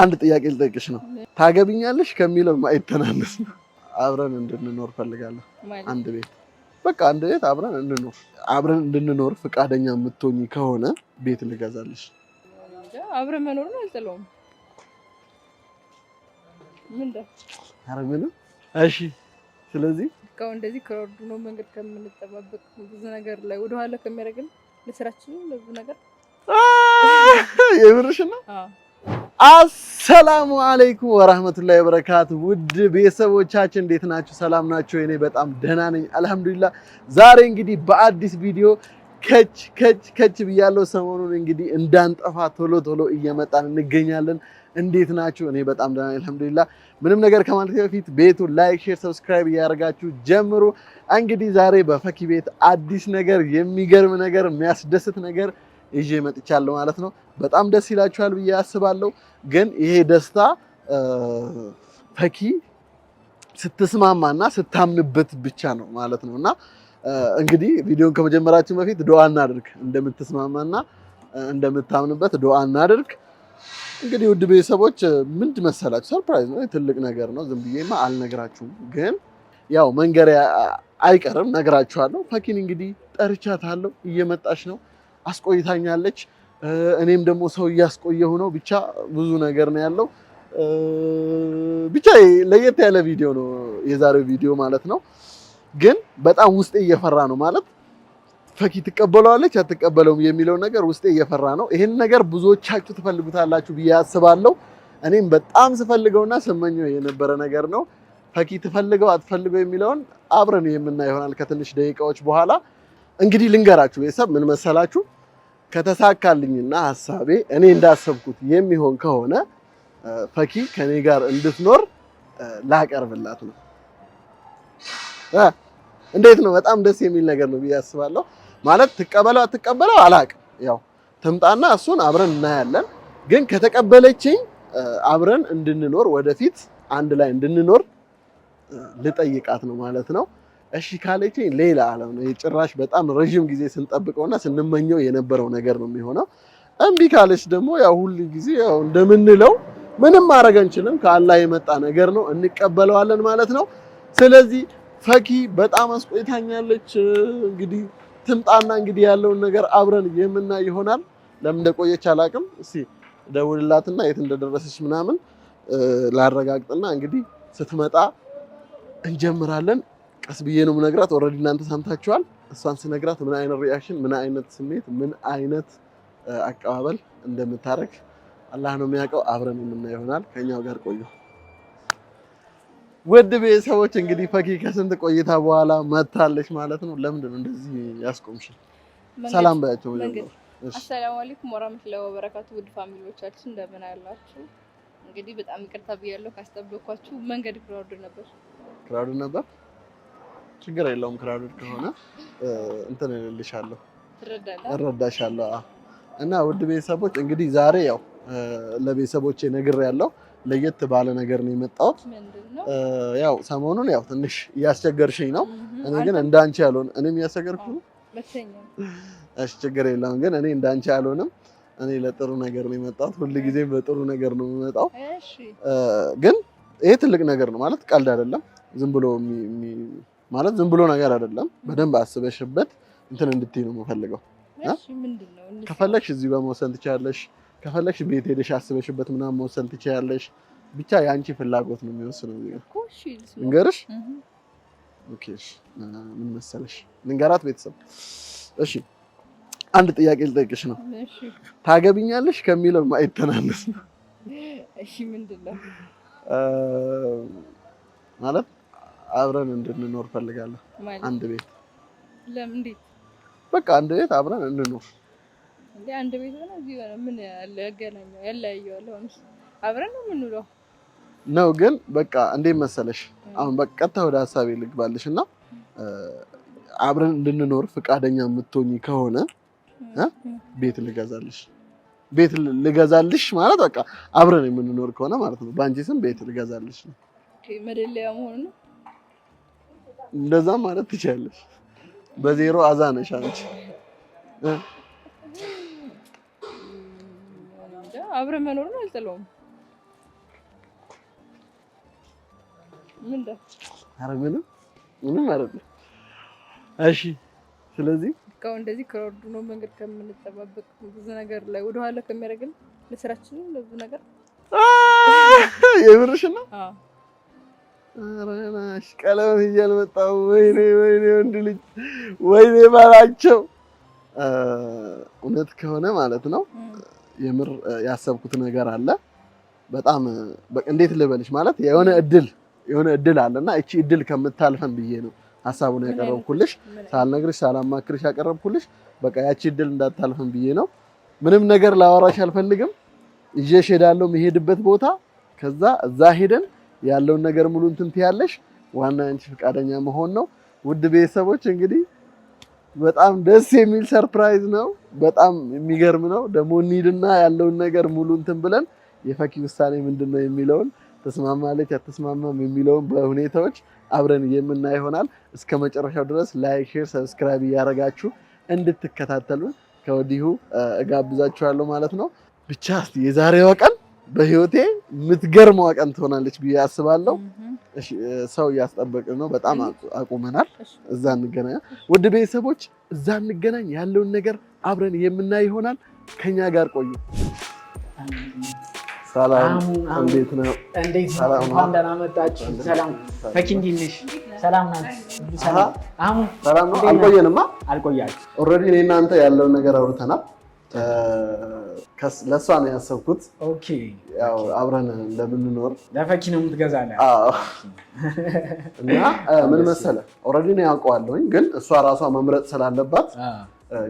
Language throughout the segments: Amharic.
አንድ ጥያቄ ልጠይቅሽ ነው። ታገብኛለሽ ከሚለው ማይተናነስ አብረን እንድንኖር ፈልጋለሁ። አንድ ቤት በቃ አንድ ቤት አብረን እንኖር አብረን እንድንኖር ፈቃደኛ የምትሆኝ ከሆነ ቤት ልገዛልሽ። አብረን መኖር ነው አልጥለውም። ኧረ ምንም። እሺ ስለዚህ እስካሁን እንደዚህ ክረርዱ ነው መንገድ ከምንጠባበቅ ብዙ ነገር ላይ ወደኋላ ከሚያደርግን ለስራችን ለብዙ ነገር የብርሽ ነው አሰላሙ አለይኩም ወራህመቱላሂ ወበረካቱ። ውድ ቤተሰቦቻችን እንዴት ናችሁ? ሰላም ናችሁ? እኔ በጣም ደህና ነኝ አልሐምዱሊላህ። ዛሬ እንግዲህ በአዲስ ቪዲዮ ከች ከች ከች ብያለሁ። ሰሞኑን እንግዲህ እንዳንጠፋ ቶሎ ቶሎ እየመጣን እንገኛለን። እንዴት ናችሁ? እኔ በጣም ደህና ነኝ አልሐምዱሊላህ። ምንም ነገር ከማለት በፊት ቤቱን ላይክ፣ ሼር፣ ሰብስክራይብ እያደረጋችሁ ጀምሩ። እንግዲህ ዛሬ በፈኪ ቤት አዲስ ነገር፣ የሚገርም ነገር፣ የሚያስደስት ነገር ይዤ መጥቻለሁ ማለት ነው። በጣም ደስ ይላችኋል ብዬ አስባለሁ። ግን ይሄ ደስታ ፈኪ ስትስማማና ስታምንበት ብቻ ነው ማለት ነው እና እንግዲህ ቪዲዮን ከመጀመራችን በፊት ዱአ እናድርግ። እንደምትስማማና እንደምታምንበት ዱአ እናድርግ። እንግዲህ ውድ ቤተሰቦች ምንድ መሰላችሁ፣ ሰርፕራይዝ ነው፣ ትልቅ ነገር ነው። ዝም ብዬማ አልነግራችሁም፣ ግን ያው መንገሪያ አይቀርም ነግራችኋለሁ። ፈኪን እንግዲህ ጠርቻታለሁ፣ እየመጣች ነው አስቆይታኛለች። እኔም ደግሞ ሰው እያስቆየሁ ነው። ብቻ ብዙ ነገር ነው ያለው። ብቻ ለየት ያለ ቪዲዮ ነው የዛሬው ቪዲዮ ማለት ነው። ግን በጣም ውስጤ እየፈራ ነው ማለት ፈኪ ትቀበለዋለች አትቀበለውም የሚለው ነገር ውስጤ እየፈራ ነው። ይህን ነገር ብዙዎቻችሁ ትፈልጉታላችሁ ብዬ አስባለሁ። እኔም በጣም ስፈልገውና ስመኘው የነበረ ነገር ነው። ፈኪ ትፈልገው አትፈልገው የሚለውን አብረን የምናይ ይሆናል ከትንሽ ደቂቃዎች በኋላ። እንግዲህ ልንገራችሁ ቤተሰብ ምን መሰላችሁ ከተሳካልኝና ሀሳቤ እኔ እንዳሰብኩት የሚሆን ከሆነ ፈኪ ከኔ ጋር እንድትኖር ላቀርብላት ነው። እንዴት ነው? በጣም ደስ የሚል ነገር ነው ብዬ አስባለሁ። ማለት ትቀበለው አትቀበለው አላውቅም። ያው ትምጣና እሱን አብረን እናያለን። ግን ከተቀበለችኝ አብረን እንድንኖር ወደፊት አንድ ላይ እንድንኖር ልጠይቃት ነው ማለት ነው። እሺ ካለችኝ ሌላ አለም ነው። ጭራሽ በጣም ረዥም ጊዜ ስንጠብቀውና ስንመኘው የነበረው ነገር ነው የሚሆነው። እምቢ ካለች ደግሞ ያው ሁሉ ጊዜ ያው እንደምንለው ምንም ማድረግ አንችልም። ከአላህ የመጣ ነገር ነው እንቀበለዋለን ማለት ነው። ስለዚህ ፈኪ በጣም አስቆይታኛለች። እንግዲህ ትምጣና እንግዲህ ያለውን ነገር አብረን የምናይ ይሆናል። ለምን እንደቆየች አላውቅም። እስቲ ደውልላትና የት እንደደረሰች ምናምን ላረጋግጥና እንግዲህ ስትመጣ እንጀምራለን። ቀስ ብዬ ነው ምነግራት። ኦልሬዲ እናንተ ሰምታችኋል። እሷን ስነግራት ምን አይነት ሪያክሽን፣ ምን አይነት ስሜት፣ ምን አይነት አቀባበል እንደምታደርግ አላህ ነው የሚያውቀው። አብረን የምናየው ይሆናል። ከኛው ጋር ቆዩ። ውድ ቤተሰቦች እንግዲህ ፈኪ ከስንት ቆይታ በኋላ መታለች ማለት ነው። ለምንድን ነው እንደዚህ ያስቆምሽን? ሰላም ባያቸው። አሰላሙ አለይኩም ወራህመቱላሂ ወበረካቱ። ውድ ፋሚሊዎቻችን እንደምን አላችሁ? እንግዲህ በጣም ይቅርታ ብያለሁ ካስጠበቅኳችሁ። መንገድ ክራውድ ነበር፣ ክራውድ ነበር ችግር የለውም። ክራውድድ ከሆነ እንትን እልልሻለሁ፣ እረዳሻለሁ። እና ውድ ቤተሰቦች እንግዲህ ዛሬ ያው ለቤተሰቦች ነግር ያለው ለየት ባለ ነገር ነው የመጣሁት። ያው ሰሞኑን ያው ትንሽ እያስቸገርሽኝ ነው። እኔ ግን እንዳንቺ ያልሆን እኔም እያስቸገርኩ ነው። ችግር የለውም። ግን እኔ እንዳንቺ ያልሆንም እኔ ለጥሩ ነገር ነው የመጣሁት። ሁልጊዜም በጥሩ ነገር ነው የምመጣው። ግን ይሄ ትልቅ ነገር ነው ማለት ቀልድ አይደለም። ዝም ብሎ ማለት ዝም ብሎ ነገር አይደለም። በደንብ አስበሽበት እንትን እንድትይ ነው የምፈልገው። ከፈለግሽ እዚህ በመወሰን ትችያለሽ። ከፈለግሽ ቤት ሄደሽ አስበሽበት ምናምን መወሰን ትችያለሽ። ብቻ የአንቺ ፍላጎት ነው የሚወስነው። ንገርሽ ምን መሰለሽ፣ ልንገራት ቤተሰብ። እሺ አንድ ጥያቄ ልጠይቅሽ ነው። ታገብኛለሽ ከሚለው ማይተናነስ ነው ማለት አብረን እንድንኖር ፈልጋለሁ። አንድ ቤት ለምን? እንዴት? በቃ አንድ ቤት አብረን እንኖር። እንዴ አንድ ቤት ሆነ እዚህ ሆነ ምን ያለ ያገናኘው ያለያየዋል? አሁንስ አብረን ነው የምንውለው ነው። ግን በቃ እንዴት መሰለሽ፣ አሁን በቃ ቀጥታ ወደ ሀሳቤ ልግባልሽ እና አብረን እንድንኖር ፈቃደኛ የምትሆኝ ከሆነ ቤት ልገዛልሽ ቤት ልገዛልሽ ማለት በቃ አብረን የምንኖር ከሆነ ማለት ነው። በአንቺ ስም ቤት ልገዛልሽ ነው መደለያ መሆኑ ነው እንደዛ ማለት ትችላለሽ። በዜሮ አዛ ነሽ አንቺ። አብረ አብረን መኖርን አልጥለውም። ኧረ ምንም ምንም አይደለም። እሺ ስለዚህ እስካሁን እንደዚህ ከወርዱ ነው መንገድ ከምንጠባበቅ ብዙ ነገር ላይ ወደኋላ ከሚያደርግን ለስራችን ለብዙ ነገር የብርሽ ነው ረናሽ ቀለበት እያል መጣሁ። ወይኔ ወይኔ ወንድ ልጅ ወይኔ ባላቸው እውነት ከሆነ ማለት ነው። የምር ያሰብኩት ነገር አለ። በጣም እንዴት ልበልሽ ማለት የሆነ እድል የሆነ እድል አለና እቺ እድል ከምታልፈን ብዬ ነው ሀሳቡን ያቀረብኩልሽ። ሳልነግርሽ ሳላማክርሽ ያቀረብኩልሽ በቃ ያቺ እድል እንዳታልፈን ብዬ ነው። ምንም ነገር ላወራሽ አልፈልግም። ይዤሽ ሄዳለሁ የምሄድበት ቦታ ከዛ እዛ ሄደን ያለውን ነገር ሙሉ እንትን ትያለሽ። ዋና አንቺ ፈቃደኛ መሆን ነው። ውድ ቤተሰቦች እንግዲህ በጣም ደስ የሚል ሰርፕራይዝ ነው። በጣም የሚገርም ነው። ደግሞ እንሂድና ያለውን ነገር ሙሉ እንትን ብለን የፈኪ ውሳኔ ምንድን ነው የሚለውን ተስማማለች አተስማማም የሚለውን በሁኔታዎች አብረን የምናይ ይሆናል። እስከ መጨረሻው ድረስ ላይክ፣ ሼር፣ ሰብስክራይብ እያደረጋችሁ እንድትከታተሉን ከወዲሁ እጋብዛችኋለሁ ማለት ነው። ብቻ የዛሬዋ ቀን በህይወቴ የምትገርመዋ ቀን ትሆናለች ብዬ አስባለሁ። ሰው እያስጠበቅን ነው። በጣም አቁመናል። እዛ እንገናኛ። ውድ ቤተሰቦች እዛ እንገናኝ። ያለውን ነገር አብረን የምናይ ይሆናል። ከኛ ጋር ቆዩ። ሰላም፣ እንዴት ነው? ነው? ደህና መጣችሁ። ሰላም ነሽ? ሰላም ናት። ሰላም ነው? አልቆየንማ፣ አልቆያችሁ። ኦልሬዲ እኔ እናንተ ያለውን ነገር አውርተናል። ለእሷ ነው ያሰብኩት። አብረን እንደምንኖር ለፈኪ ነው የምትገዛለህ እና ምን መሰለህ፣ ኦልሬዲ ነው ያውቀዋለሁኝ፣ ግን እሷ ራሷ መምረጥ ስላለባት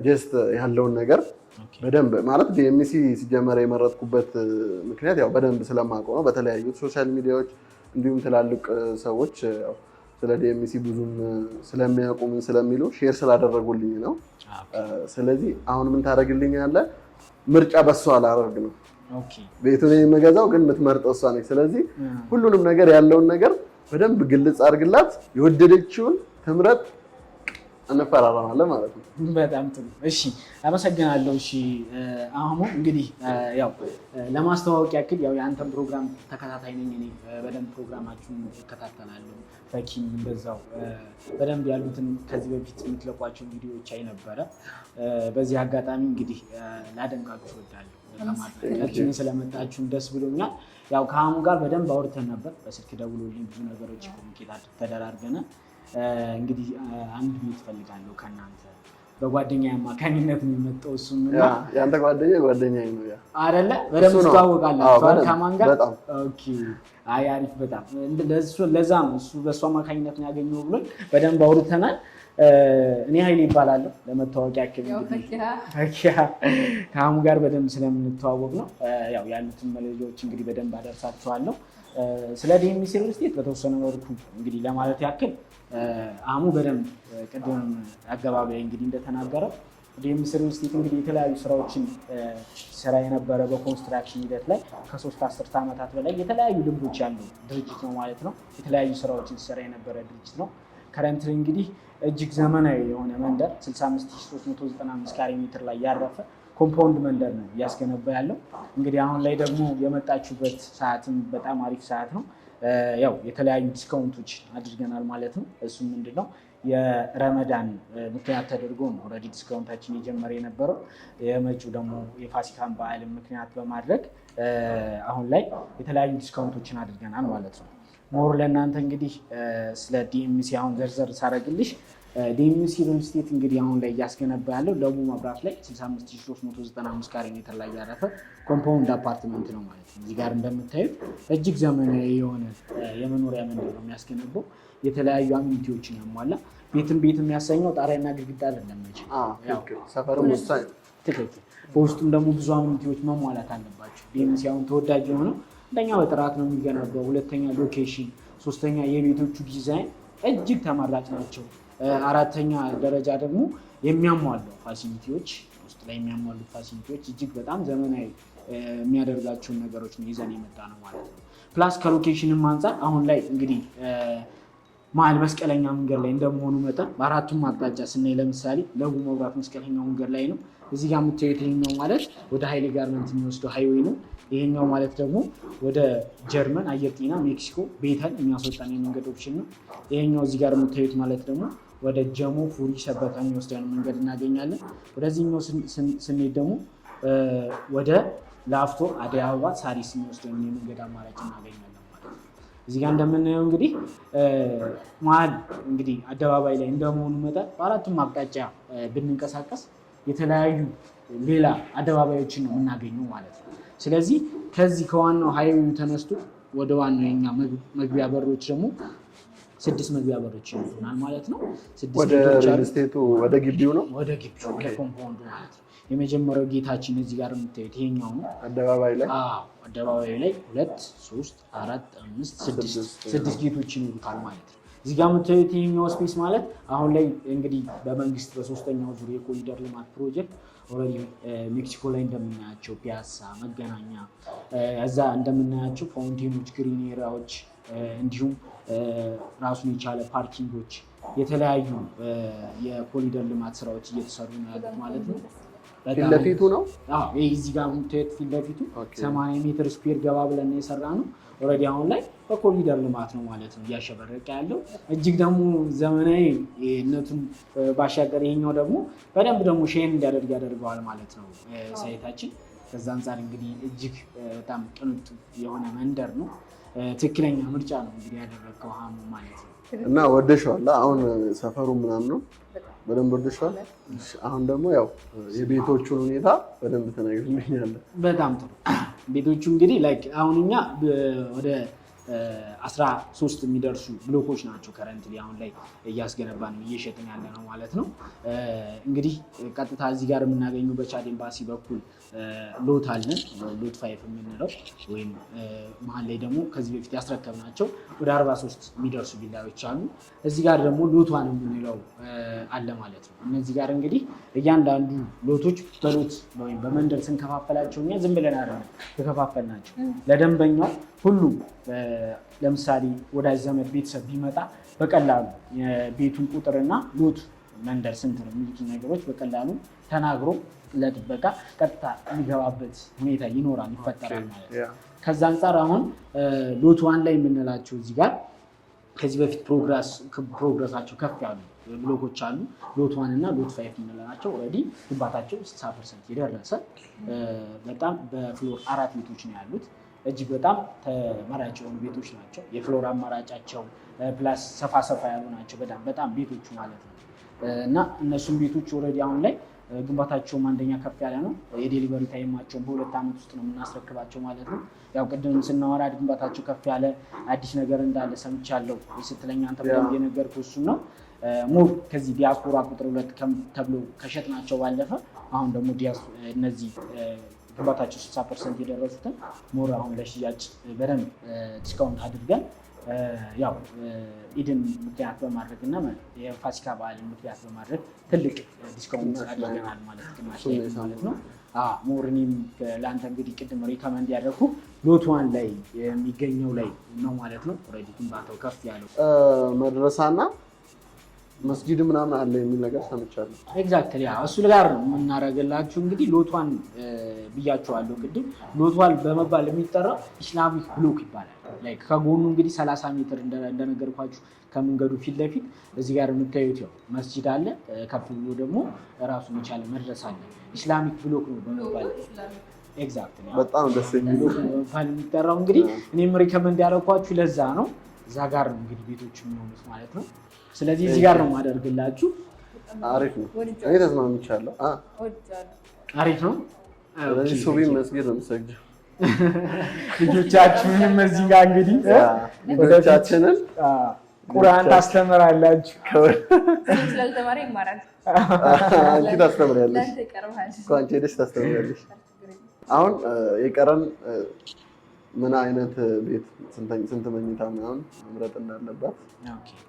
ጀስት ያለውን ነገር በደንብ ማለት ቢኤምሲ ሲጀመር የመረጥኩበት ምክንያት ያው በደንብ ስለማውቀው ነው። በተለያዩ ሶሻል ሚዲያዎች እንዲሁም ትላልቅ ሰዎች ስለ ዲኤምሲ ብዙም ስለሚያውቁ ስለሚሉ ሼር ስላደረጉልኝ ነው። ስለዚህ አሁን ምን ታደርግልኝ ያለ ምርጫ በሱ አላደርግ ነው። ቤቱን የምገዛው ግን የምትመርጠው እሷ ነች። ስለዚህ ሁሉንም ነገር ያለውን ነገር በደንብ ግልጽ አድርግላት፣ የወደደችውን ትምረጥ። እንፈራረማለን ማለት ነው። በጣም ጥሩ እሺ፣ አመሰግናለሁ። እሺ አህሙ እንግዲህ ያው ለማስተዋወቅ ያክል ያው የአንተን ፕሮግራም ተከታታይ ነኝ እኔ በደንብ ፕሮግራማችሁን እከታተላለሁ። ፈኪም እንደዛው በደንብ ያሉትን ከዚህ በፊት የምትለቋቸው ቪዲዮዎች አይ ነበረ። በዚህ አጋጣሚ እንግዲህ ላደንቃችሁ እወዳለሁ። ለማድረጋችን ስለመጣችሁን ደስ ብሎኛል። ያው ከአህሙ ጋር በደንብ አውርተን ነበር። በስልክ ደውሎልኝ ብዙ ነገሮች ኮሚኒኬት ተደራርገናል። እንግዲህ አንድ ምን ፈልጋለሁ ከእናንተ በጓደኛ አማካኝነት የሚመጣው እሱም እና ያንተ ጓደኛ ጓደኛ አይደለ? በደምብ ትዋወቃላችሁ ከማን ጋር? አይ አሪፍ፣ በጣም ለዛ ነው እሱ በእሱ አማካኝነት ነው ያገኘው ብሎ በደንብ አውርተናል። እኔ ሀይል ይባላለሁ። ለመታወቂያ ያክል ፈኪሀ ከአሙ ጋር በደንብ ስለምንተዋወቅ ነው። ያው ያሉትን መለጃዎች እንግዲህ በደንብ አደርሳችኋለሁ። ስለ ዲኤምሲ ሪል በተወሰነ መልኩ እንግዲህ ለማለት ያክል አሙ በደንብ ቅድም አገባቢ እንግዲህ እንደተናገረው ዲምስሪ ስቴት እንግዲህ የተለያዩ ስራዎችን ስራ የነበረ በኮንስትራክሽን ሂደት ላይ ከሶስት አስርት ዓመታት በላይ የተለያዩ ልምዶች ያለው ድርጅት ነው ማለት ነው። የተለያዩ ስራዎችን ስራ የነበረ ድርጅት ነው። ከረንትሪ እንግዲህ እጅግ ዘመናዊ የሆነ መንደር 65395 ካሬ ሜትር ላይ ያረፈ ኮምፓውንድ መንደር ነው እያስገነባ ያለው። እንግዲህ አሁን ላይ ደግሞ የመጣችሁበት ሰዓትም በጣም አሪፍ ሰዓት ነው። ያው የተለያዩ ዲስካውንቶች አድርገናል ማለት ነው። እሱ ምንድን ነው የረመዳን ምክንያት ተደርጎ ነው ኦልሬዲ ዲስካውንታችን የጀመረ የነበረው። የመጪው ደግሞ የፋሲካን በዓል ምክንያት በማድረግ አሁን ላይ የተለያዩ ዲስካውንቶችን አድርገናል ማለት ነው። ሞር ለእናንተ እንግዲህ ስለ ዲኤምሲ አሁን ዘርዘር ሳረግልሽ ዴሚዩስ ሪል ስቴት እንግዲህ አሁን ላይ እያስገነባ ያለው ለቡ መብራት ላይ 65395 ካሬ ሜትር ላይ ያረፈ ኮምፓውንድ አፓርትመንት ነው ማለት ነው። እዚህ ጋር እንደምታዩት እጅግ ዘመናዊ የሆነ የመኖሪያ መንደር ነው የሚያስገነባው። የተለያዩ አሚኒቲዎችን ያሟላ ቤትም ቤት የሚያሰኘው ጣሪያና ግድግዳ አይደለም። በውስጡም ደግሞ ብዙ አሚኒቲዎች መሟላት አለባቸው። ዴሚዩስ አሁን ተወዳጅ የሆነው አንደኛ በጥራት ነው የሚገነባው፣ ሁለተኛ ሎኬሽን፣ ሶስተኛ የቤቶቹ ዲዛይን እጅግ ተመራጭ ናቸው። አራተኛ ደረጃ ደግሞ የሚያሟሉ ፋሲሊቲዎች ውስጥ ላይ የሚያሟሉት ፋሲሊቲዎች እጅግ በጣም ዘመናዊ የሚያደርጋቸውን ነገሮች ነው ይዘን የመጣ ነው ማለት ነው። ፕላስ ከሎኬሽንም አንጻር አሁን ላይ እንግዲህ መሀል መስቀለኛ መንገድ ላይ እንደመሆኑ መጠን በአራቱም አቅጣጫ ስናይ ለምሳሌ ለቡ መብራት መስቀለኛ መንገድ ላይ ነው። እዚህ ጋር የምታዩት ይሄኛው ማለት ወደ ሀይሌ ጋርመንት የሚወስደው ሃይዌይ ነው። ይሄኛው ማለት ደግሞ ወደ ጀርመን አየር ጤና፣ ሜክሲኮ ቤተን የሚያስወጣን የመንገድ ኦፕሽን ነው። ይሄኛው እዚህ ጋር የምታዩት ማለት ደግሞ ወደ ጀሞ ፉሪ ሸበታ የሚወስደን መንገድ እናገኛለን። ወደዚህኛው ስንሄድ ደግሞ ወደ ላፍቶ አደይ አበባ ሳሪስ የሚወስደን የመንገድ አማራጭ እናገኛለን። እዚህ ጋር እንደምናየው እንግዲህ መሀል እንግዲህ አደባባይ ላይ እንደመሆኑ መጠን በአራቱም አቅጣጫ ብንንቀሳቀስ የተለያዩ ሌላ አደባባዮችን ነው የምናገኘው ማለት ነው። ስለዚህ ከዚህ ከዋናው ሀይዌው ተነስቶ ወደ ዋናው የኛ መግቢያ በሮች ደግሞ ስድስት መግቢያ በሮች ይኖሩናል ማለት ነው። ወደ ግቢው ነው ወደ ግቢው ወደ ማለት ነው። የመጀመሪያው ጌታችን እዚህ ጋር የምታዩት ይሄኛው ነው። አደባባይ ላይ አደባባይ ላይ ሁለት፣ ሶስት፣ አራት፣ አምስት፣ ስድስት ስድስት ጌቶች ይኖሩታል ማለት ነው። እዚህ ጋር የምታዩት ይሄኛው ስፔስ ማለት አሁን ላይ እንግዲህ በመንግስት በሶስተኛው ዙር የኮሪደር ልማት ፕሮጀክት ኦልሬዲ ሜክሲኮ ላይ እንደምናያቸው ፒያሳ፣ መገናኛ እዛ እንደምናያቸው ፋውንቴኖች፣ ግሪን ኤሪያዎች እንዲሁም ራሱን የቻለ ፓርኪንጎች፣ የተለያዩ የኮሪደር ልማት ስራዎች እየተሰሩ ነው ያሉት ማለት ነው። ፊትለፊቱ ነው እዚህ ጋር የምታዩት ፊትለፊቱ ሰማንያ ሜትር ስኩዌር ገባ ብለን የሰራ ነው። ኦልሬዲ አሁን ላይ በኮሪደር ልማት ነው ማለት ነው እያሸበረቀ ያለው እጅግ ደግሞ ዘመናዊነቱን ባሻገር ይሄኛው ደግሞ በደንብ ደግሞ ሼን እንዲያደርግ ያደርገዋል ማለት ነው ሳይታችን። ከዛ አንጻር እንግዲህ እጅግ በጣም ቅንጡ የሆነ መንደር ነው። ትክክለኛ ምርጫ ነው እንግዲህ ያደረግከው ሀሙ ማለት ነው። እና ወደሸዋል። አሁን ሰፈሩ ምናምን ነው በደንብ ወደሸዋል። አሁን ደግሞ ያው የቤቶቹን ሁኔታ በደንብ ተናግረኛለ። በጣም ጥሩ ቤቶቹ እንግዲህ ላይክ አሁን እኛ ወደ አስራ ሶስት የሚደርሱ ብሎኮች ናቸው ከረንትሊ አሁን ላይ እያስገነባን እየሸጥን ያለ ነው ማለት ነው። እንግዲህ ቀጥታ እዚህ ጋር የምናገኙ በቻድ ኤምባሲ በኩል ሎት አለን ሎት ፋይፍ የምንለው ወይም መሀል ላይ ደግሞ ከዚህ በፊት ያስረከብናቸው ወደ 43 የሚደርሱ ቪላዎች አሉ። እዚህ ጋር ደግሞ ሎት ዋን የምንለው አለ ማለት ነው። እነዚህ ጋር እንግዲህ እያንዳንዱ ሎቶች በሎት ወይም በመንደር ስንከፋፈላቸው እኛ ዝም ብለን አይደለም የከፋፈልናቸው ለደንበኛው ሁሉም ለምሳሌ ወዳጅ ዘመድ ቤተሰብ ቢመጣ በቀላሉ የቤቱን ቁጥርና ሎት ። መንደር ስንት ነው ነገሮች በቀላሉ ተናግሮ ለጥበቃ ቀጥታ የሚገባበት ሁኔታ ይኖራል፣ ይፈጠራል ማለት ነው። ከዛ አንጻር አሁን ሎት ዋን ላይ የምንላቸው እዚህ ጋር ከዚህ በፊት ፕሮግረሳቸው ከፍ ያሉ ብሎኮች አሉ። ሎት ዋን እና ሎት ፋይፍ የምንላቸው ኦልሬዲ ግንባታቸው ስልሳ ፐርሰንት የደረሰ በጣም በፍሎር አራት ቤቶች ነው ያሉት። እጅግ በጣም ተመራጭ የሆኑ ቤቶች ናቸው። የፍሎር አማራጫቸው ፕላስ ሰፋ ሰፋ ያሉ ናቸው። በጣም በጣም ቤቶቹ ማለት ነው። እና እነሱም ቤቶች ኦልሬዲ አሁን ላይ ግንባታቸውም አንደኛ ከፍ ያለ ነው። የዴሊቨሪ ታይማቸውን በሁለት ዓመት ውስጥ ነው የምናስረክባቸው ማለት ነው። ያው ቅድም ስናወራ ግንባታቸው ከፍ ያለ አዲስ ነገር እንዳለ ሰምቻለሁ ስትለኝ አንተ በደንብ የነገርኩህ እሱን ነው። ሙር ከዚህ ዲያስፖራ ቁጥር ሁለት ተብሎ ከሸጥናቸው ባለፈ አሁን ደግሞ እነዚህ ግንባታቸው 60 ፐርሰንት የደረሱትን ሙር አሁን ለሽያጭ በደንብ ዲስካውንት አድርገን ያው ኢድን ምክንያት በማድረግ እና የፋሲካ በዓልን ምክንያት በማድረግ ትልቅ ዲስካውንት አድርገናል ማለት ማለት ነው። ሞርኒም ለአንተ እንግዲህ ቅድም ሪከመንድ ያደረኩ ሎትዋን ላይ የሚገኘው ላይ ነው ማለት ነው። ኦልሬዲ ግንባታው ከፍ ያለው መድረሳና መስጊድ ምናምን አለ የሚል ነገር ሰምቻለሁ። ኤግዛክትሊ እሱ ጋር ነው የምናደርግላችሁ። እንግዲህ ሎቷን ብያችኋለሁ ቅድም። ሎቷል በመባል የሚጠራው ኢስላሚክ ብሎክ ይባላል። ከጎኑ እንግዲህ 30 ሜትር እንደነገርኳችሁ ከመንገዱ ፊት ለፊት እዚህ ጋር የምታዩት ያው መስጂድ አለ። ከፍ ብሎ ደግሞ ራሱ መቻለ መድረስ አለ። ኢስላሚክ ብሎክ ነው በመባል ኤግዛክትሊ በጣም ደስ የሚለው የሚጠራው እንግዲህ እኔም ሪከመንድ ያደረኳችሁ ለዛ ነው። እዛ ጋር ነው እንግዲህ ቤቶች የሚሆኑት ማለት ነው። ስለዚህ እዚህ ጋር ነው ማደርግላችሁ። አሪፍ ነው። እኔ ተስማምቻለሁ። አሪፍ ነው። ሱቢ መስጊድ ነው የምሰግደው። ልጆቻችሁንም እዚህ ጋር እንግዲህ ልጆቻችንን ቁርአን ታስተምራላችሁ። ስላልተማረ ይማራል። አንቺ ታስተምሪያለሽ፣ አንቺ ሄደሽ ታስተምሪያለሽ። አሁን የቀረን ምን አይነት ቤት ስንት መኝታ ምናምን መምረጥ እንዳለባት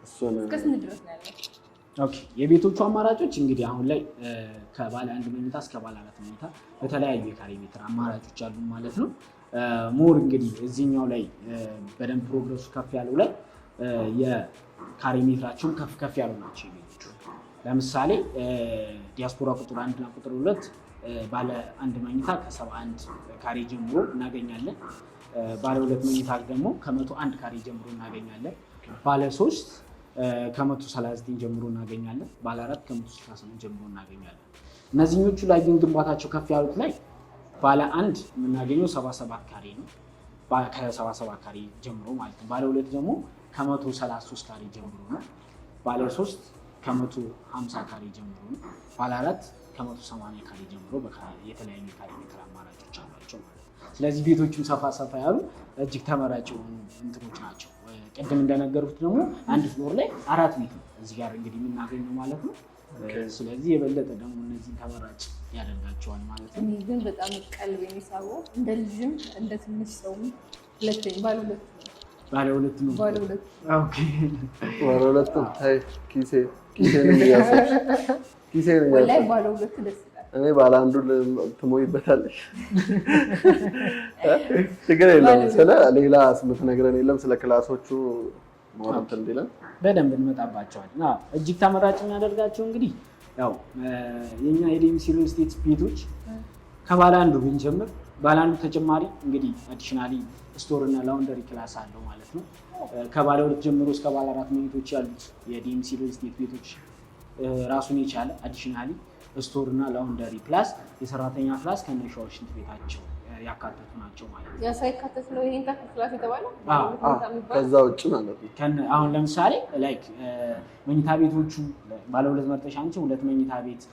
እሱን የቤቶቹ አማራጮች እንግዲህ አሁን ላይ ከባለ አንድ መኝታ እስከ ባለ አራት መኝታ በተለያዩ የካሬ ሜትር አማራጮች አሉ ማለት ነው። ሞር እንግዲህ እዚህኛው ላይ በደንብ ፕሮግረሱ ከፍ ያለው ላይ የካሬ ሜትራቸውን ከፍ ከፍ ያሉ ናቸው የቤቶቹ። ለምሳሌ ዲያስፖራ ቁጥር አንድና ቁጥር ሁለት ባለ አንድ መኝታ ከሰባ አንድ ካሬ ጀምሮ እናገኛለን። ባለ ሁለት መኝታ ደግሞ ከመቶ አንድ ካሬ ጀምሮ እናገኛለን። ባለ ሶስት ከመቶ ሰላሳ ዘጠኝ ጀምሮ እናገኛለን። ባለ አራት ከመቶ ስልሳ ስምንት ጀምሮ እናገኛለን። እነዚህኞቹ ላይ ግን ግንባታቸው ከፍ ያሉት ላይ ባለ አንድ የምናገኘው ሰባ ሰባት ካሬ ነው ከሰባ ሰባት ካሬ ጀምሮ ማለት ነው። ባለ ሁለት ደግሞ ከመቶ ሰላሳ ሶስት ካሬ ጀምሮ ነው። ባለ ሶስት ከመቶ ሀምሳ ካሬ ጀምሮ ነው። ባለ አራት ከመቶ 180 ካሬ ጀምሮ የተለያዩ የካሬ ሜትር አማራጮች አሏቸው ማለት ነው። ስለዚህ ቤቶቹም ሰፋ ሰፋ ያሉ እጅግ ተመራጭ የሆኑ እንትኖች ናቸው። ቅድም እንደነገርኩት ደግሞ አንድ ፍሎር ላይ አራት ቤት ነው እዚህ ጋር እንግዲህ የምናገኘው ማለት ነው። ስለዚህ የበለጠ ደግሞ እነዚህን ተመራጭ ያደርጋቸዋል ማለት ነው። ግን በጣም ቀልብ የሚሳበው እንደ ልጅም እንደ ትንሽ ሰውም ሁለተኝ ባለ ሁለት ባለ ሁለቱ ነው። ባለ ሁለቱ ባለ ነው። ታይ ኪሴ ኪሴ ነው ያሰ ኪሴ ነው እኔ ባለ አንዱ ትሞይበታለሽ። ችግር የለውም። ስለ ሌላ የለም? ስለ ክላሶቹ ማውራት እንዲለን በደንብ እንመጣባቸዋለን። እጅግ ተመራጭ የሚያደርጋቸው እንግዲህ ያው የኛ የዲኤምሲ ሪል ስቴት ቤቶች ከባለ አንዱ ብንጀምር፣ ባለ አንዱ ተጨማሪ እንግዲህ አዲሽናሊ ስቶር እና ላውንደሪ ክላስ አለው ማለት ነው። ከባለ ሁለት ጀምሮ እስከ ባለ አራት መኝቶች ያሉት የዲኤምሲ ሪል ስቴት ቤቶች ራሱን የቻለ አዲሽናሊ ስቶር እና ላውንደሪ ፕላስ የሰራተኛ ፕላስ ከነ ሻወር ሽንት ቤታቸው ያካተቱ ናቸው ማለት ነው። ነው ከዛ ውጭ ማለት ነው። አሁን ለምሳሌ ላይክ መኝታ ቤቶቹ ባለ ሁለት መርጠሻ አንቺ ሁለት መኝታ ቤት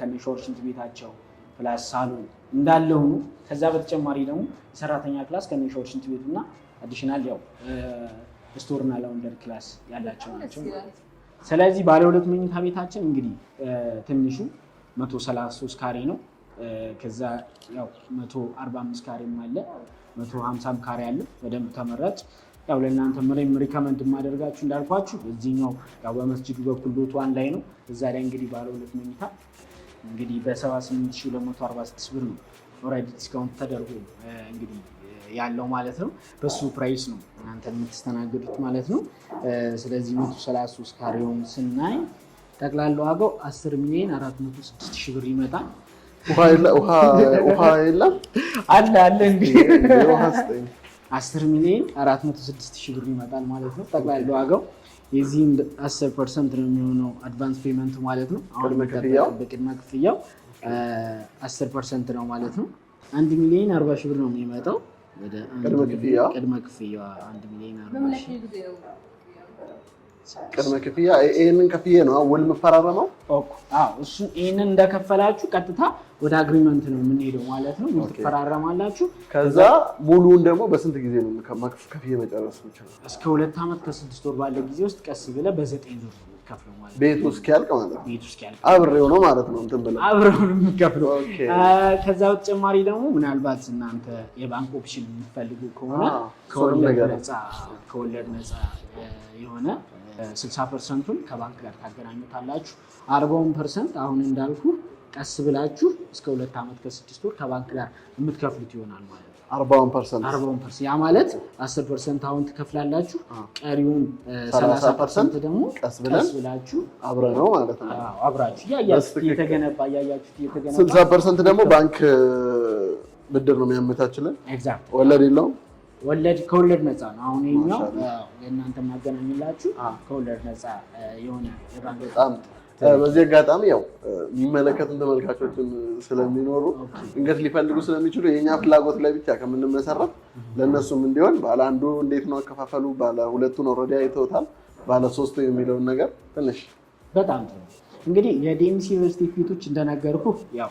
ከነ ሻወር ሽንት ቤታቸው ፕላስ ሳሎን እንዳለው ነው። ከዛ በተጨማሪ ደግሞ የሰራተኛ ክላስ ከነ ሻወር ሽንት ቤቱ እና አዲሽናል ያው ስቶርና ላውንደሪ ክላስ ያላቸው ናቸው ማለት ነው። ስለዚህ ባለ ሁለት መኝታ ቤታችን እንግዲህ ትንሹ 133 ካሬ ነው። ከዛ ያው 145 ካሬም አለ 150 ካሬ አለ። በደንብ ተመራጭ ያው ለእናንተ ምሬም ሪከመንድ የማደርጋችሁ እንዳልኳችሁ እዚህኛው ያው በመስጅዱ በኩል ሎት አንድ ላይ ነው። እዛ ላይ እንግዲህ ባለ ሁለት መኝታ እንግዲህ በ78246 ብር ነው ኦልሬዲ ዲስካውንት ተደርጎ እንግዲህ ያለው ማለት ነው። በሱ ፕራይስ ነው እናንተ የምትስተናግዱት ማለት ነው። ስለዚህ 133 ካሬውን ስናይ ጠቅላላ ዋጋው 10 ሚሊዮን 406 ሺህ ብር ይመጣል። ውሃ የለም አለ አለ እንግዲህ አስር ሚሊዮን አራት መቶ ስድስት ሺህ ብር ይመጣል ማለት ነው። ጠቅላላ ዋጋው የዚህም 10 ፐርሰንት ነው የሚሆነው አድቫንስ ፔመንቱ ማለት ነው። አሁን በቅድመ ክፍያው አስር ፐርሰንት ነው ማለት ነው። አንድ ሚሊዮን አርባ ሺህ ብር ነው የሚመጣው ቅድመ ክፍያ አንድ ሚሊዮን አርባ ሺህ ቅድመ ክፍያ ይህንን ከፍዬ ነው ውል የምፈራረመው። እሱ ይህንን እንደከፈላችሁ ቀጥታ ወደ አግሪመንት ነው የምንሄደው ማለት ነው። ትፈራረማላችሁ። ከዛ ሙሉን ደግሞ በስንት ጊዜ ነው ከፍዬ መጨረስ? እስከ ሁለት ዓመት ከስድስት ወር ባለ ጊዜ ውስጥ ቀስ ብለህ በዘጠኝ ዙር የምትከፍለው ማለት ነው። ቤቱ እስኪያልቅ ማለት ነው። አብሬው ነው ማለት ነው እንትን አብሬው ነው የምትከፍለው። ከዛ በተጨማሪ ደግሞ ምናልባት እናንተ የባንክ ኦፕሽን የምትፈልጉ ከሆነ ከወለድ ነፃ የሆነ 60 ፐርሰንቱን ከባንክ ጋር ታገናኙታላችሁ። አርባውን ፐርሰንት አሁን እንዳልኩ ቀስ ብላችሁ እስከ ሁለት ዓመት ከስድስት ወር ከባንክ ጋር የምትከፍሉት ይሆናል ማለት ነው። አርባውን ፐርሰንት ያ ማለት አስር ፐርሰንት አሁን ትከፍላላችሁ። ቀሪውን ሰላሳ ፐርሰንት ደግሞ ቀስ ብላችሁ ነው ማለት ነው አብራችሁ እያያችሁት እያያችሁት ስልሳ ፐርሰንት ደግሞ ባንክ ብድር ነው የሚያመቻችልን። ወለድ የለውም። ወለድ ከወለድ ነፃ ነው። አሁን ይኸኛው የእናንተ ማገናኝላችሁ ከወለድ ነፃ የሆነ በዚህ አጋጣሚ ያው የሚመለከቱን ተመልካቾችም ስለሚኖሩ እንገት ሊፈልጉ ስለሚችሉ የኛ ፍላጎት ላይ ብቻ ከምንመሰረት ለእነሱም እንዲሆን ባለ አንዱ እንዴት ነው አከፋፈሉ፣ ባለ ሁለቱን ኦልሬዲ አይተውታል፣ ባለ ሶስቱ የሚለውን ነገር ትንሽ በጣም እንግዲህ የዲኤምሲ ዩኒቨርሲቲ ፊቶች እንደነገርኩ ያው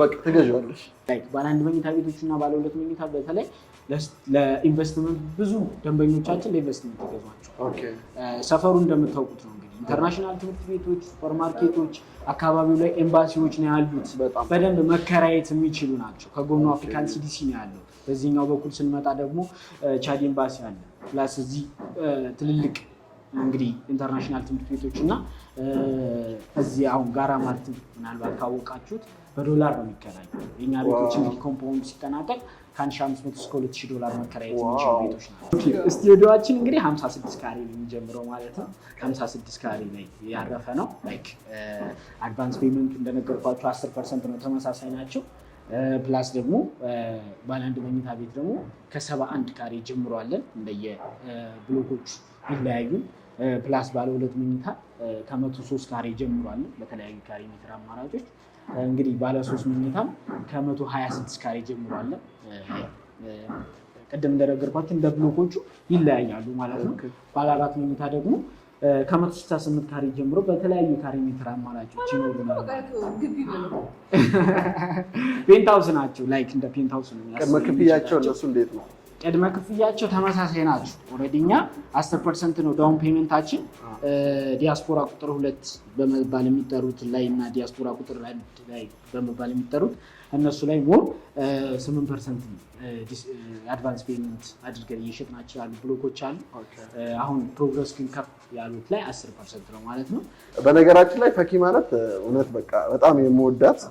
በቃ ትገዣዋለሽ። ባለ አንድ መኝታ ቤቶች እና ባለ ሁለት መኝታ በተለይ ለኢንቨስትመንት ብዙ ደንበኞቻችን ለኢንቨስትመንት ይገዟቸዋል። ሰፈሩ እንደምታውቁት ነው እንግዲህ ኢንተርናሽናል ትምህርት ቤቶች፣ ሱፐርማርኬቶች፣ አካባቢው ላይ ኤምባሲዎች ነው ያሉት። በደንብ መከራየት የሚችሉ ናቸው። ከጎኑ አፍሪካን ሲዲሲ ነው ያለው። በዚህኛው በኩል ስንመጣ ደግሞ ቻድ ኤምባሲ አለ። ፕላስ እዚህ ትልልቅ እንግዲህ ኢንተርናሽናል ትምህርት ቤቶች እና እዚህ አሁን ጋራ ማርት ምናልባት ካወቃችሁት በዶላር ነው የሚከራዩ። የኛ ቤቶች እንግዲህ ኮምፓውንድ ሲጠናቀቅ ከ1500 እስከ 2000 ዶላር መከራየት የሚችሉ ቤቶች ናቸው። ስቱዲዮችን እንግዲህ 56 ካሬ የሚጀምረው ማለት ነው። 56 ካሬ ላይ ያረፈ ነው። ላይክ አድቫንስ ፔመንቱ እንደነገርኳቸው 10 ፐርሰንት ነው፣ ተመሳሳይ ናቸው። ፕላስ ደግሞ ባለአንድ መኝታ ቤት ደግሞ ከ71 ካሬ ጀምሯለን። እንደየ ብሎኮች ይለያዩን ፕላስ ባለ ሁለት መኝታ ከመቶ ሶስት ካሬ ጀምሯል በተለያዩ ካሬ ሜትር አማራጮች። እንግዲህ ባለ ሶስት መኝታም ከመቶ ሀያ ስድስት ካሬ ጀምሯል። ቅድም እንደነገርኳቸው እንደ ብሎኮቹ ይለያያሉ ማለት ነው። ባለ አራት መኝታ ደግሞ ከመቶ ስልሳ ስምንት ካሬ ጀምሮ በተለያዩ ካሬ ሜትር አማራጮች ይኖሩ ፔንትሃውስ ናቸው። ላይክ እንደ ፔንትሃውስ ነው። ክፍያቸው እነሱ እንዴት ነው? ቅድመ ክፍያቸው ተመሳሳይ ናቸው። ኦልሬዲ እኛ አስር ፐርሰንት ነው ዳውን ፔመንታችን ዲያስፖራ ቁጥር ሁለት በመባል የሚጠሩት ላይ እና ዲያስፖራ ቁጥር ላይ በመባል የሚጠሩት እነሱ ላይ ሞር ስምንት ፐርሰንት አድቫንስ ፔመንት አድርገን እየሸጥናቸው ያሉ ብሎኮች አሉ። አሁን ፕሮግረስ ግን ከፍ ያሉት ላይ አስር ፐርሰንት ነው ማለት ነው። በነገራችን ላይ ፈኪ ማለት እውነት በቃ በጣም የምወዳት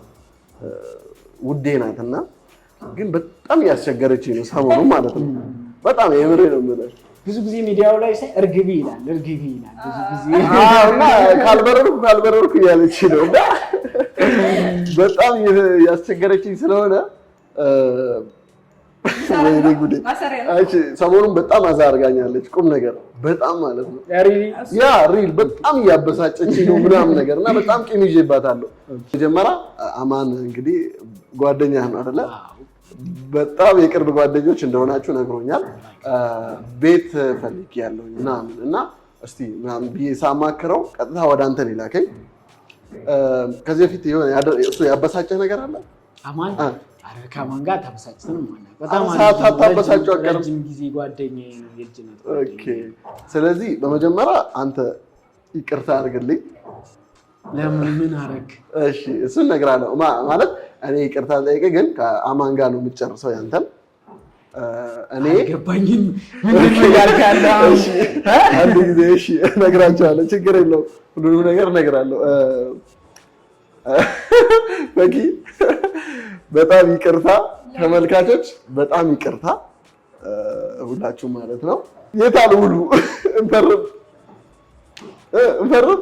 ውዴ ናት እና ግን በጣም ያስቸገረች ነው ሰሞኑን ማለት ነው። በጣም የምሬ ነው የምልህ። ብዙ ጊዜ ሚዲያው ላይ ሳይ እርግቢ ይላል እርግቢ ይላል ብዙ ጊዜ እና ካልበረርኩ ካልበረርኩ እያለች ነው። በጣም ያስቸገረችኝ ስለሆነ ሰሞኑን በጣም አዛ አድርጋኛለች። ቁም ነገር በጣም ማለት ነው ያ ሪል በጣም እያበሳጨች ነው ምናምን ነገር እና በጣም ቂም ይዤባታለሁ። መጀመሪያ አማን እንግዲህ ጓደኛ ነው አይደለ? በጣም የቅርብ ጓደኞች እንደሆናችሁ ነግሮኛል። ቤት ፈልግ ያለው ምናምን እና እስቲ ብዬ ሳማክረው ቀጥታ ወደ አንተ ነው የላከኝ። ከዚህ በፊት እሱ ያበሳጨህ ነገር አለ? አማን ጋር ታበሳጭተንም ታበሳጭው አቀርም ጊዜ ጓደኛዬ ነው ስለዚህ በመጀመሪያ አንተ ይቅርታ አድርግልኝ። ለምን ምን አደረግ? እሺ እሱን እነግርሃለሁ ማለት እኔ ይቅርታ ጠይቅ፣ ግን ከአማን ጋር ነው የምትጨርሰው ያንተም እኔ ገባኝም አንድ ጊዜ እሺ፣ እነግራቸዋለሁ። ችግር የለው ሁሉንም ነገር እነግራለሁ። በቂ በጣም ይቅርታ ተመልካቾች፣ በጣም ይቅርታ ሁላችሁ ማለት ነው። የት አሉ እንፈርም እንፈርም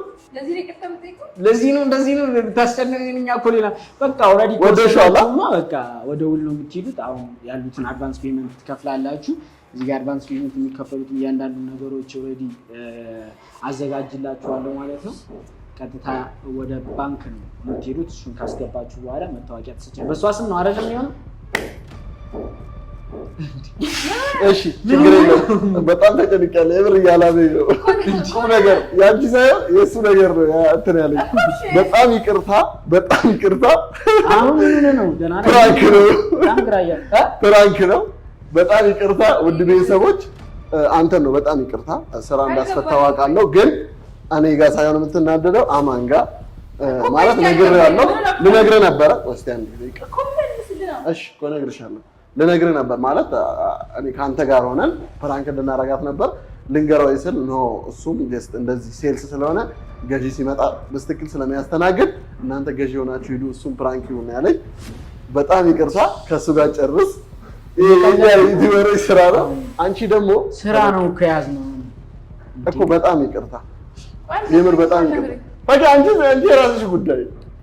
ለዚህ ነው እንደዚህ ነው የምታስጨንቀኝ። እኛ እኮ ሌላ በቃ ኦልሬዲ ወደ ሻላማ በቃ ወደ ውል ነው የምትሄዱት። አሁን ያሉትን አድቫንስ ፔመንት ትከፍላላችሁ። እዚህ ጋር አድቫንስ ፔመንት የሚከፈሉት እያንዳንዱ ነገሮች ኦልሬዲ አዘጋጅላችኋለሁ ማለት ነው። ቀጥታ ወደ ባንክ ነው የምትሄዱት። እሱን ካስገባችሁ በኋላ መታወቂያ ተሰጭ በእሷ ስም ነው አይደለም የሚሆነው እሺ ችግር የለም። በጣም ተጨንቄያለሁ። የምር እያላመኝ ነው። ቁም ነገር የአንቺ ሳይሆን የእሱ ነገር ነው እንትን ያለኝ። በጣም ይቅርታ፣ በጣም ይቅርታ። ፕራንክ ነው፣ ፕራንክ ነው። በጣም ይቅርታ ውድ ቤተሰቦች፣ አንተን ነው። በጣም ይቅርታ። ስራ አውቃለሁ፣ ግን እኔ ጋር ሳይሆን የምትናደደው አማን ጋር ማለት ነግሬያለሁ። ልነግርህ ነበረ። እስኪ አንድ ይቅር እሺ እኮ እነግርሻለሁ ልነግር ነበር ማለት እኔ ከአንተ ጋር ሆነን ፕራንክ እንድናረጋት ነበር ልንገረው ስል ኖ እሱም እንደዚህ ሴልስ ስለሆነ ገዢ ሲመጣ በስትክል ስለሚያስተናግድ እናንተ ገዢ የሆናችሁ ሂዱ፣ እሱም ፕራንክ ይሁን ያለኝ። በጣም ይቅርታ ከእሱ ጋር ጨርስ። ዲበረ ስራ ነው። አንቺ ደግሞ ስራ ነው ከያዝ ነው እኮ። በጣም ይቅርታ የምር በጣም ይቅርታ። አንቺ የራስሽ ጉዳይ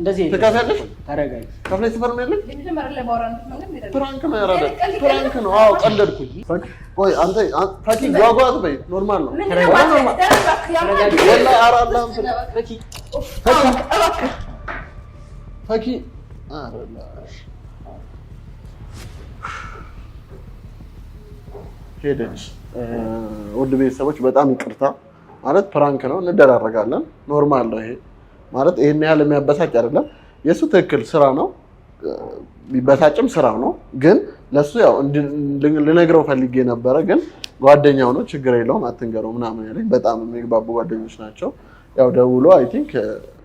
እንደዚህ ትከፍያለሽ። ተረጋጊ። ከፍለሽ ትፈርሚያለሽ። ፕራንክ ነው። አዎ ቀለድኩኝ። ቆይ አንተ ፈኪ ኖርማል ነው። ፈኪ ሄደች። ውድ ቤተሰቦች በጣም ይቅርታ ማለት ፕራንክ ነው። እንደራረጋለን። ኖርማል ነው ይሄ ማለት ይህን ያህል የሚያበሳጭ አይደለም። የእሱ ትክክል ስራ ነው፣ ቢበሳጭም ስራው ነው። ግን ለሱ ያው ልነግረው ፈልጌ ነበረ፣ ግን ጓደኛው ነው ችግር የለውም አትንገረው ምናምን ያለኝ። በጣም የሚግባቡ ጓደኞች ናቸው። ያው ደውሎ አይ ቲንክ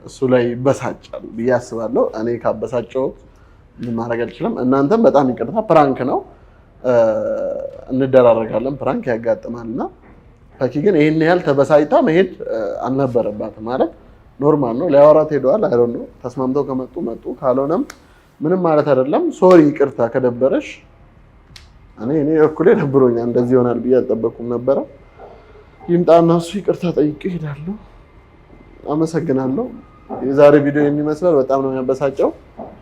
እሱ ላይ ይበሳጫል ብዬ አስባለሁ። እኔ ካበሳጨሁት ማድረግ አልችልም። እናንተም በጣም ይቅርታ። ፕራንክ ነው፣ እንደራረጋለን። ፕራንክ ያጋጥማል እና ፈኪ ግን ይህን ያህል ተበሳጭታ መሄድ አልነበረባትም ማለት ኖርማል ነው። ሊያወራት ሄደዋል። ዶንት ኖ ተስማምተው ከመጡ መጡ፣ ካልሆነም ምንም ማለት አይደለም። ሶሪ ይቅርታ ከደበረሽ። እኔ እኔ እኩሌ ደብሮኛል፣ እንደዚህ ይሆናል ብዬ አልጠበኩም ነበረ። ይምጣና እሱ ይቅርታ ጠይቄ እሄዳለሁ። አመሰግናለሁ። የዛሬ ቪዲዮ የሚመስለው በጣም ነው የሚያበሳጨው።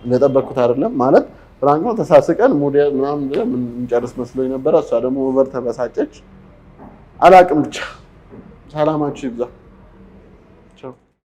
እንደጠበቅኩት አይደለም ማለት ፍራንክ ነው ተሳስቀን ሙዲ ምናምን ብለን የምንጨርስ መስሎኝ ነበረ። እሷ ደግሞ ኦቨር ተበሳጨች። አላቅም ብቻ ሰላማችሁ ይብዛ።